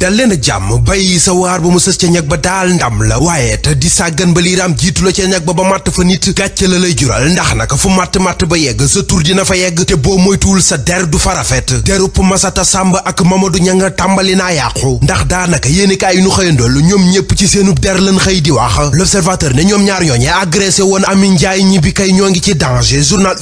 dal leen a jàmm bàyyi sa waar ba mu sës ca ñag ba daal ndam la waaye te di sàggan ba liiraam jiitu la ca ñag ba ba màtt fa nit gàcce la lay jural ndax naka fu màtt-màtt ba yegg sa tur dina fa yegg te boo moytuwul sa der du fa farafet derup Masata Sàmb ak du Ñanga tàmbali naa yàqu ndax daanaka yéenekaay yi nu xëyandool ñoom ñépp ci seenu der lan xëy di wax L'Observateur ne ñoom ñaar yoon ñooñe agressé woon Ami Njaay ñibbi kay ñoo ngi ci danger journal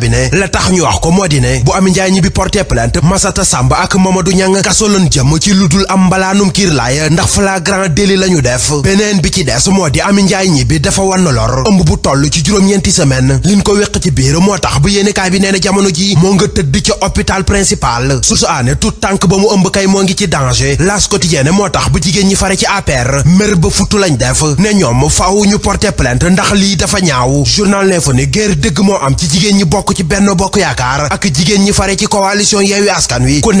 bi ne la tax ñu wax ko moo di ne bu Ami Njaay ñibbi porté plainte Masata Sàmb ak Mamadou Ñanga kaso lañ jëm ci ludul am mbalaanum kiir laay ndax flagrant délit la ñu def beneen bi ci des moo di Ami Njaay ñi dafa wann lor ëmb bu toll ci juróom-ñeenti semaine liñ ko weq ci biir moo tax bu yéenekaay bi nee na jamono ji moo nga tëdd ca hôpital principal su su aane tout tànk ba mu ëmb kay moo ngi ci danger las moo tax bu jigéen ñi fare ci APR mer ba futtu lañ def ne ñoom faaw ñu porter plainte ndax lii dafa ñaaw journal L'Info ne dëgg moo am ci jigéen ñi bokk ci Benno Bokk Yaakaar ak jigéen ñi fare ci coalition Yewwi Askan Wi ku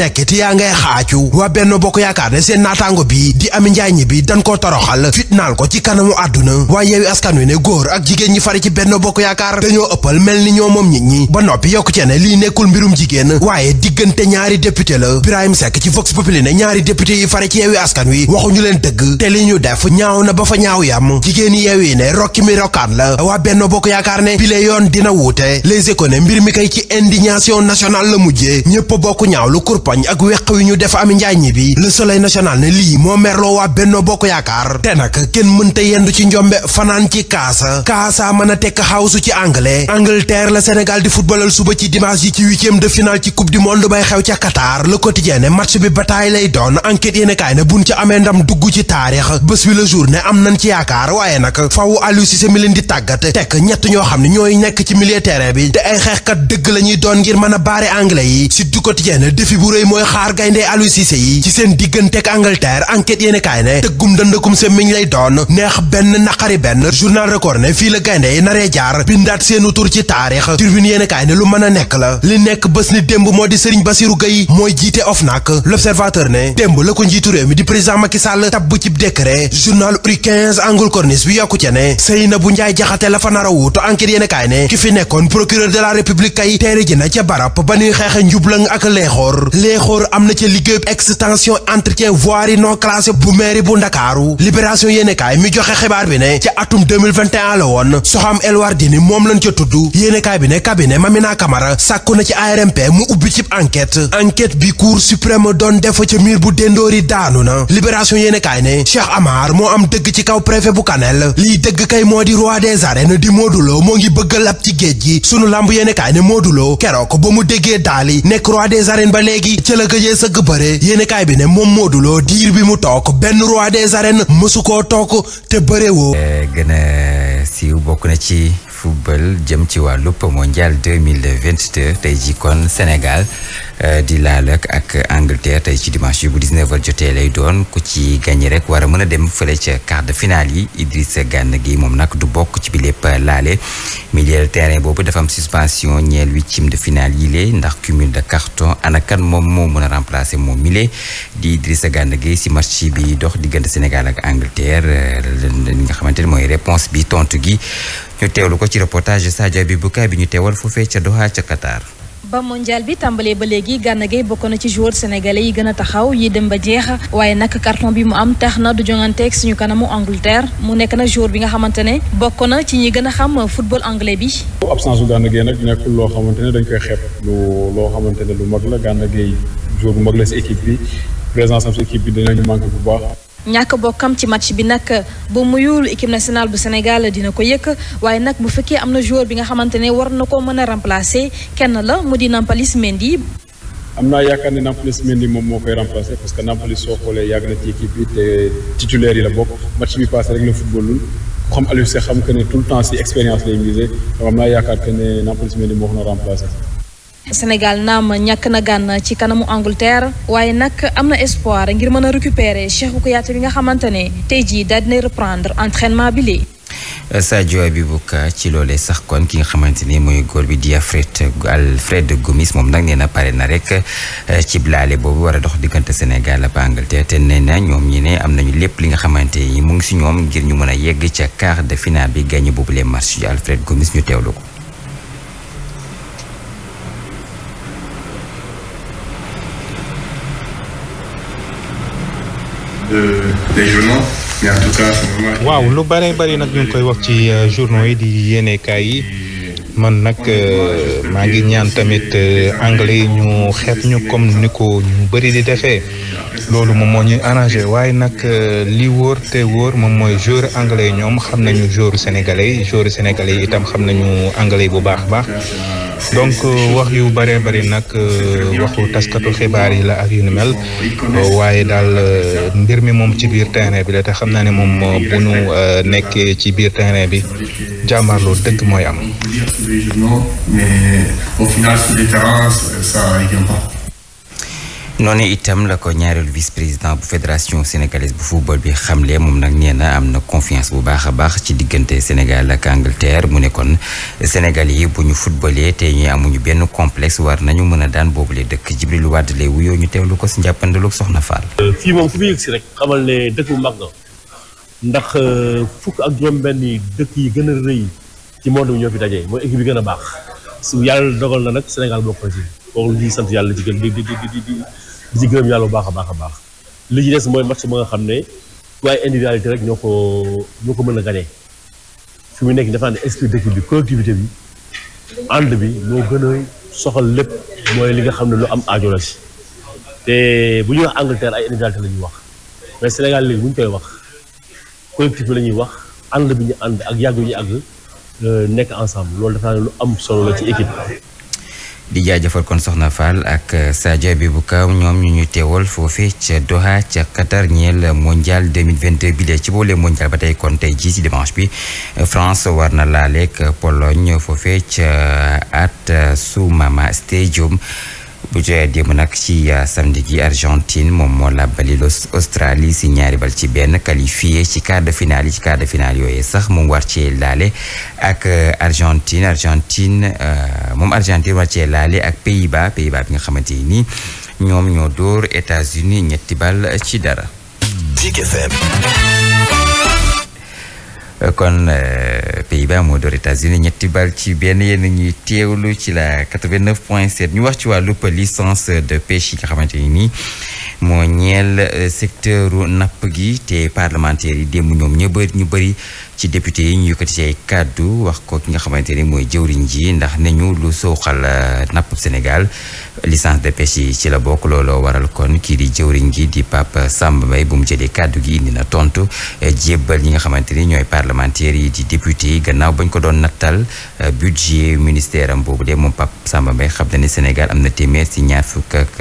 brigade seen naataango bi di Ami Njaay ñi bi dañ koo toroxal fitnaal ko ci kanamu àdduna waaye yeewi askan wi ne góor ak jigéen ñi fari ci Benno Bokk Yaakaar dañoo ëppal mel ni ñoo moom nit ñi ba noppi yokk ci ne lii nekkul mbirum jigéen waaye diggante ñaari député la Birahim sekk ci Vox Populi ne ñaari député yi fari ci yeewi askan wi waxuñu leen dëgg te li ñu def ñaaw na ba fa ñaaw yam jigéen yi yeew yi ne rokki mi rokkaan la waa Benno Bokk Yaakaar ne bile yoon dina wuute les éco ne mbir mi kay ci indignation nationale la mujjee ñëpp bokk ñaaw lu kurpañ ak weq wi ñu def Ami assemblée nationale ne lii moo merloo waa Benno Bokk Yaakaar te nag kenn mënta yendu ci njombe fanaan ci kaasa kaasa mën a tekk xawsu ci anglais Angleterre la Sénégal di footballal suba ci dimanche yi ci huitième de finale ci coupe du monde bay xew ca Qatar le quotidien ne match bi bataay lay doon enquête yéen kaay ne buñ ci amee ndam dugg ci taarix bés bi la jour ne am nañ ci yaakaar waaye nag faw Aliou Cissé mi leen di tàggat tekk ñett ñoo xam ne ñooy nekk ci milieu terrain bi te ay xeexkat dëgg la ñuy doon ngir mën a baare anglais yi Sud du quotidien mooy xaar gaynde Aliou Cissé yi ci seen diggante digganteeg Angleterre enquête yéen kaay ne tëggum dëndëkum semmiñ lay doon neex benn naqari benn journal record ne fii la gaynde yi naree jaar bindaat seenu tur ci taarix tribune yéen ne lu mën a nekk la li nekk bés ni démb moo di Serigne Bassirou Gueye mooy jiite OFNAC l'observateur ne démb la ko njiitu mi di président Macky Sall tabb ci décret journal Uri Angle Corniche bi yokku ca ne Seynabou Ndiaye Jaxate la fa nar a wuutu enquête ne ki fi nekkoon cee voirie non classée bu mairie bu ndakaaru libération yéenekaay mi joxe xibaar bi ne ci atum 2021 la woon Soham El Wardini moom lañ ca tudd yéenekaay bi ne cabinet Mamina Camara sàkku na ci ARMP mu ubbi cib enquête enquête bi cour suprême doon def ca miir bu déndoori daanu na libération yéenekaay ne Cheikh Amar moo am dëgg ci kaw préfet bu Kanel liy dëgg kay moo di roi des arènes di Modou Lo moo ngi bëgg lab ci géej gi sunu lamb yéenekaay ne Modou Lo keroog ba mu déggee daali nekk roi des arènes ba léegi ca la gëjee sëgg bëre yéenekaay bi Modou Lo diir bi mu toog benn roi des arènes mësu koo toog te bërewoo eh, gëna a siiw bokk na ci football jëm ci wàllub mondial 2022 tey ji kon Sénégal Euh, di laal ak Angleterre tey ci dimanche bu 19 jotee lay doon ku ci gagné rek war a mën a dem fële ca quart de finale yi Idrissa Gana Gueye moom nag du bokk ci bi lépp laale milieu terrain boobu dafa am suspension ñeel huitième de finale yi lee ndax cumul de carton ana kan moom moo mën a remplacer moom milé di Idrissa Gana Gueye si match bi dox diggante Sénégal ak Angleterre euh, li nga xamante ne mooy réponse bi tontu gi ñu teewlu ko ci reportage Sadio Habibou Ka bi ñu teewal foofee ca Doha ba mondial bi tàmbalee ba léegi Gana Gueye bokk na ci jour sénégalais yi gën a taxaw yi dem ba jeex waaye nag carton bi mu am tax na du jonganteeg suñu kanamu Angleterre mu nekk na jour bi nga xamante ne bokk na ci ñi gën a xam football anglais bi. absence bu Gana Gueye nag nekkul loo xamante ne dañ koy xeeb lu loo xamante ne lu mag la Gana Gueye joueur bu mag la si équipe bi présence am si équipe bi dinañu manqué bu baax. ñàkk bokkam ci match bi nag euh, ba muyul équipe nationale bu Sénégal dina ko yëkk waaye nag bu fekkee am na joueur bi nga xamante ne war na ko mën a remplacer kenn la mu di Nampalys Mendy. am naa yaakaar ne Nampalys Mendy moom moo koy remplacer parce que Nampalys soo xoolee yàgg na ci équipe bi te titulaire yi la bokk match bi passé rek la footballul ku xam Aliou xam que ne tout le temps si expérience lay miser donc naa yaakaar que ne Nampalys Mendy Sénégal ma ñàkk na gànn ci kanamu Angleterre waaye nag am na espoir ngir mën a récupérer Cheikhou Kouyaté bi nga xamante ne tey ji daal dina reprendre entraînement bi lii. Sadio bi Ka ci loolee sax kon ki nga xamante ni mooy góor bi di Alfred Alfred Gomis moom nag nee na pare na rek eh, ci blaale boobu war a dox diggante Sénégal ak Angleterre te nee na ñoom ñi ne am nañu lépp li nga xamante ni mu ngi si ñoom ngir ñu mën a yegg ca quart de finale bi gagné boobu les matchs Alfred Gomis ñu teewlu waaw lu bëree bari nag ñu koy wax ci euh, journaux yi di yéenekaay yi. man nag euh, maa ngi ñaan tamit euh, anglais yi ñu xeeb ñu comme ni ko ñu bëri di defee loolu moom moo ñuy arrangé waaye nag euh, li wóor te wóor moom mooy joueur anglais ñoom xam nañu joueur sénégalais yi joueur sénégalais yi itam xam nañu anglais bu baax baax donc wax yu bëree bëri nag waxu taskatu xibaar yi la ak yu ni mel waaye daal mbir mi moom ci biir terrain bi la te xam naa ne moom bu nu nekkee ci biir terrain bi jàmbaarloo dëgg mooy am. tous les journaux, mais au noonu itam la ko ñaareelu vice président bu fédération sénégalaise bu football bi xamle moom nag nee na am na confiance bu baax a baax ci diggante Sénégal ak Angleterre mu ne kon Sénégal yi bu ñu footballee te ñu amuñu benn complexe war nañu mën a daan boobule dëkk Jibril Wade lay wuyoo ñu teewlu ko si njàppandalu Soxna Fall. Euh, fii moom fu mu yëg si rek xamal ne dëkk bu mag nga ndax euh, fukk ak juróom yi dëkk yi gën rëy. ci monde bi ñoo fi dajee mooy équipe bi gën a baax su yàlla dogal na nag Sénégal bokk na ci sant yàlla di ci di di di di ci gërëm yàlla bu baax a a baax li ci des mooy match ba nga xam ne waaye individualité rek ñoo ko ñoo ko mën a gagné fi mu nekk dafa ànd esprit d'équipe bi collectivité bi ànd bi moo gën a soxal lépp mooy li nga xam ne lu am aajo te bu ñuy wax ay individualité la ñuy wax mais Sénégal léegi bu koy wax collectif bi la ñuy wax ànd bi ñu ànd ak yàgg yu ñu àgg Euh, nekk ensemble loolu dafa lu am solo la ci équipe. di jaajëfal kon soxna Fall ak bi bu Kaaw ñoom ñu ñu teewal foofee ca Doha ca Qatar ñeel mondial 2022 bile ci boole mondial ba tey kon tey jii si dimanche bi euh, France war na laaleeg Pologne foofee ca euh, at Sumama Stadium. bu joyee démb nag ci euh, samedi gi Argentine moom moo làbbali Australie si ñaari bal ci benn qualifié ci quart finale ci quart de finale yooyu sax moom war cee laale ak euh, Argentine Argentine euh, moom Argentine war cee laale ak Pays-Bas Pays-Bas bi nga xamante ni ñoom ñoo dóor États-Unis ñetti bal ci dara. kon euh, Pays-Bas moo door États-Unis ñetti bal ci benn yéen ñuy teewlu ci la 89 point ñu wax ci wàllu licence de pêche yi nga xamante ni nii moo ñeel euh, secteur napp gi te parlementaire yi démb ñoom ñu bëri ñu bëri ci député yi ñu yëkkati ci kàddu wax ko ki nga xamante ni mooy jëwriñ ji ndax ne ñu lu suuxal euh, napp Sénégal licence de pêche yi ci la bokk looloo waral kon kii di jëwriñ gi di Pape Samba Mbaye bu mu jëlee kàddu gi indi na tontu euh, jébbal ñi nga xamante ni ñooy parlementaires yi di député yi gannaaw bañ ko doon nattal euh, budget ministère am boobu de moom Pape Samba Mbaye xam na ne Sénégal am na téeméer si ñaar fukk ak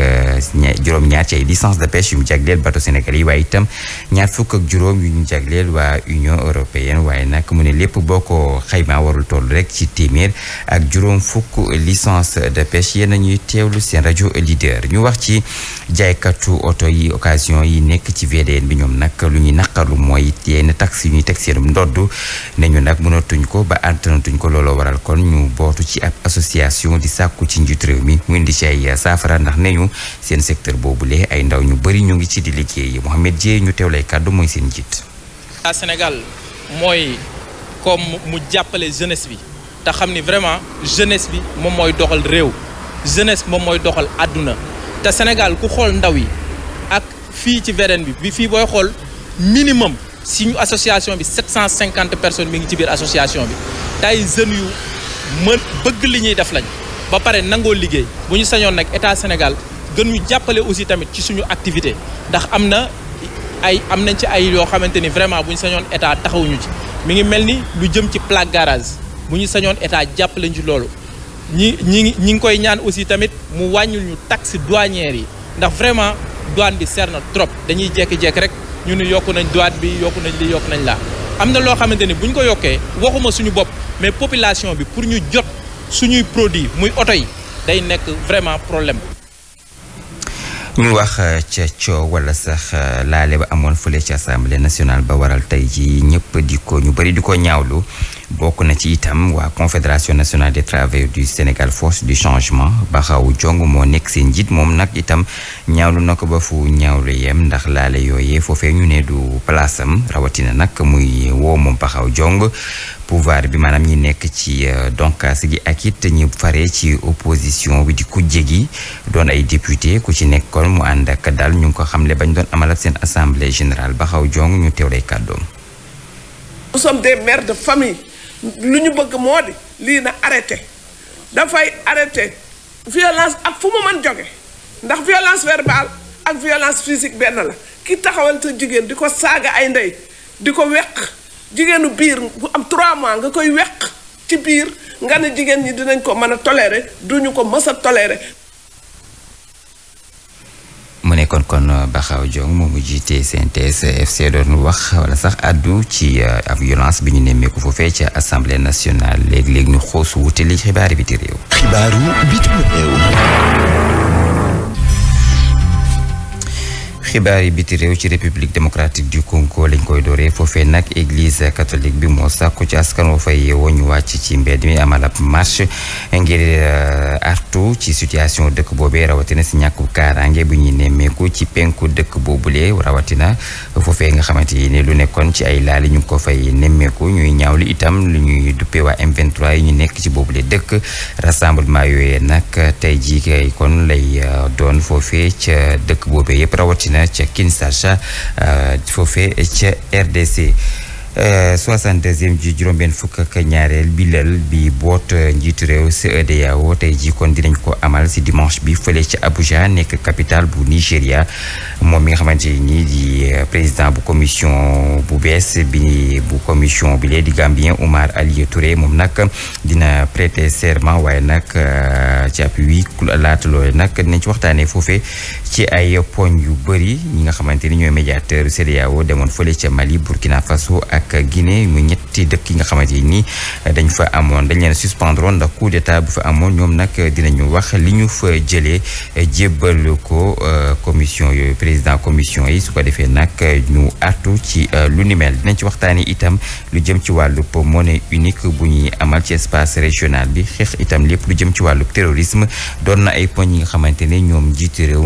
juróom-ñaar ci ay licence de pêche yu mu jagleel bateau Sénégal yi waaye itam ñaar fukk ak juróom yu ñu jagleel waa Union waaye nag mu ne lépp boo ko xaymaa warul toll rek ci téeméer ak juróom fukk licence de pêche yéen ñuy teewlu seen rajo leader ñu wax ci jaaykatu oto yi occasion yi nekk ci VDN bi ñoom nag lu ñuy naqarlu mooy yenn taxi ñuy teg seenum ndodd ne nag mënatuñ ko ba àttanatuñ ko looloo waral kon ñu bootu ci ab association di sàkku ci njiit réew mi mu indi ci saafara ndax ne ñu seen secteur ay ndaw ñu bëri ñu ngi ci di liggéey Mohamed Dieye ñu teewlay kàddu mooy seen njiit Sénégal mooy comme mu jàppale jeunesse bi te xam ni vraiment jeunesse bi moom mooy doxal réew jeunesse moom mooy doxal àdduna te Sénégal ku xool ndaw yi ak fii ci VDN bi bi fii booy xool minimum si ñu association bi 750 personnes mi ngi ci biir association bi tey jeunes yu mën bëgg li ñuy def lañ ba pare nangoo liggéey bu ñu sañoon nag état Sénégal gën ñu jàppale aussi tamit ci suñu activité ndax am na ay am nañ ci ay yoo xamante ni vraiment bu ñu sañoon état taxawuñu ci mi ngi mel ni lu jëm ci plaque garage bu ñu sañoon état jàpp ñu ci loolu ñi ñi ngi ñi ngi koy ñaan aussi tamit mu wàññil ñu taxe douanière yi ndax vraiment douane bi seer na trop dañuy jékki-jékki rek ñu ne yokk nañ douane bi yokk nañ li yokku nañ laa am na loo xamante ni bu ñu ko yokkee waxuma suñu bopp mais population bi pour ñu jot suñuy produit muy oto yi day nekk vraiment problème ñu wax euh, ca coow wala sax euh, laale ba amoon fële ci assemblée nationale ba waral tey ji ñëpp di ko ñu bëri di ko ñaawlu bokk na ci itam waa confédération nationale de travailleurs du Sénégal force du changement Baxaw Jong moo nekk seen njiit moom nag itam ñaawlu na ko ba fu ñaawlu yem ndax laale yooyee foofee ñu ne du palaasam rawatina nag muy woo moom Baxaw Jong pouvoir bi maanaam ñi nekk ci euh, donkaas gi ak it ñi fare ci opposition bi di kujje gi doon ay député ku ci nekkoon mu ànd ak daal ñu ngi ko xamle bañ doon amal ab seen assemblée générale Baxaw Jong ñu teew lay kàddoom. lu ñu bëgg moo di lii na arrêté dafay arrêté violence ak fu mu mën jóge ndax violence verbale ak violence physique benn la ki taxawal sa jigéen di ko saaga ay ndey di ko weq jigéenu biir bu am trois mois nga koy weq ci biir nga ne jigéen ñi dinañ ko mën a toléré duñu ko mës a toléré mu kon kon euh, Bakhaw Diong moom jiitee jiite CNTS FC doon wax wala sax addu ci euh, ab violence bi ñu nemmeeku foofee ca assemblée nationale léegi léegi ñu xoos wuute xibaar xibaaru biti réew. xibaaru biti réew. xibaar yi biti réew ci république démocratique du Congo lañ koy dooree foofee nag église catholique bi moo sàkku ci askan woo fay yeewoo ñu wàcc ci mbedd mi amal ab ngir euh, artu ci situation dëkk boobee rawatina si ñàkku kaaraange bu ñuy nemmeeku ci penku dëkk boobulee rawatina foofee nga xamante ne lu nekkoon ci ay laali ñu ko fay nemmeeku ñuy ñaaw li itam lu ñuy duppee waa M23 yi ñu nekk ci boobule dëkk rassemblement yooyee nag tey jii kon lay euh, doon foofee ca dëkk boobee yëpp rawatina. ca Kinshasa euh, foofee ca RDC Euh, soixante-deuxième ji juróom-benn fukk ak ñaareel bi lal bi boot euh, njiitu réew CEDEAO tey ji kon dinañ ko amal si dimanche bi fële ci Abuja nekk capitale bu Nigéria moom mi nga xamante ni di euh, président bu commission bu bees bi bu commission bi lee di Gambien Oumar Alieu Touré moom nag dina prêter serment waaye nag ci appui laata loole nag dinañ ci waxtaanee foofe ci ay poñ yu bëri ñi nga xamante ni ñooy médiateur CEDEAO demoon fële ca Mali Burkina Faso ak ak Guinée mu ñetti dëkk yi nga xamante ni dañ fa amoon dañ leen suspendre ndax coup d'état bu fa amoon ñoom nag dinañu wax li ñu fa jëlee jébbal ko euh, commission yooyu président commission yi su ko defee nag ñu artu ci euh, lu ni dinañ ci waxtaan waxtaani itam lu jëm ci wàllub monnaie unique bu ñuy amal ci espace régional bi xeex itam lépp lu jëm ci wàllu terrorisme doon na ay poñ yi nga xamante ne ñoom jiitu réew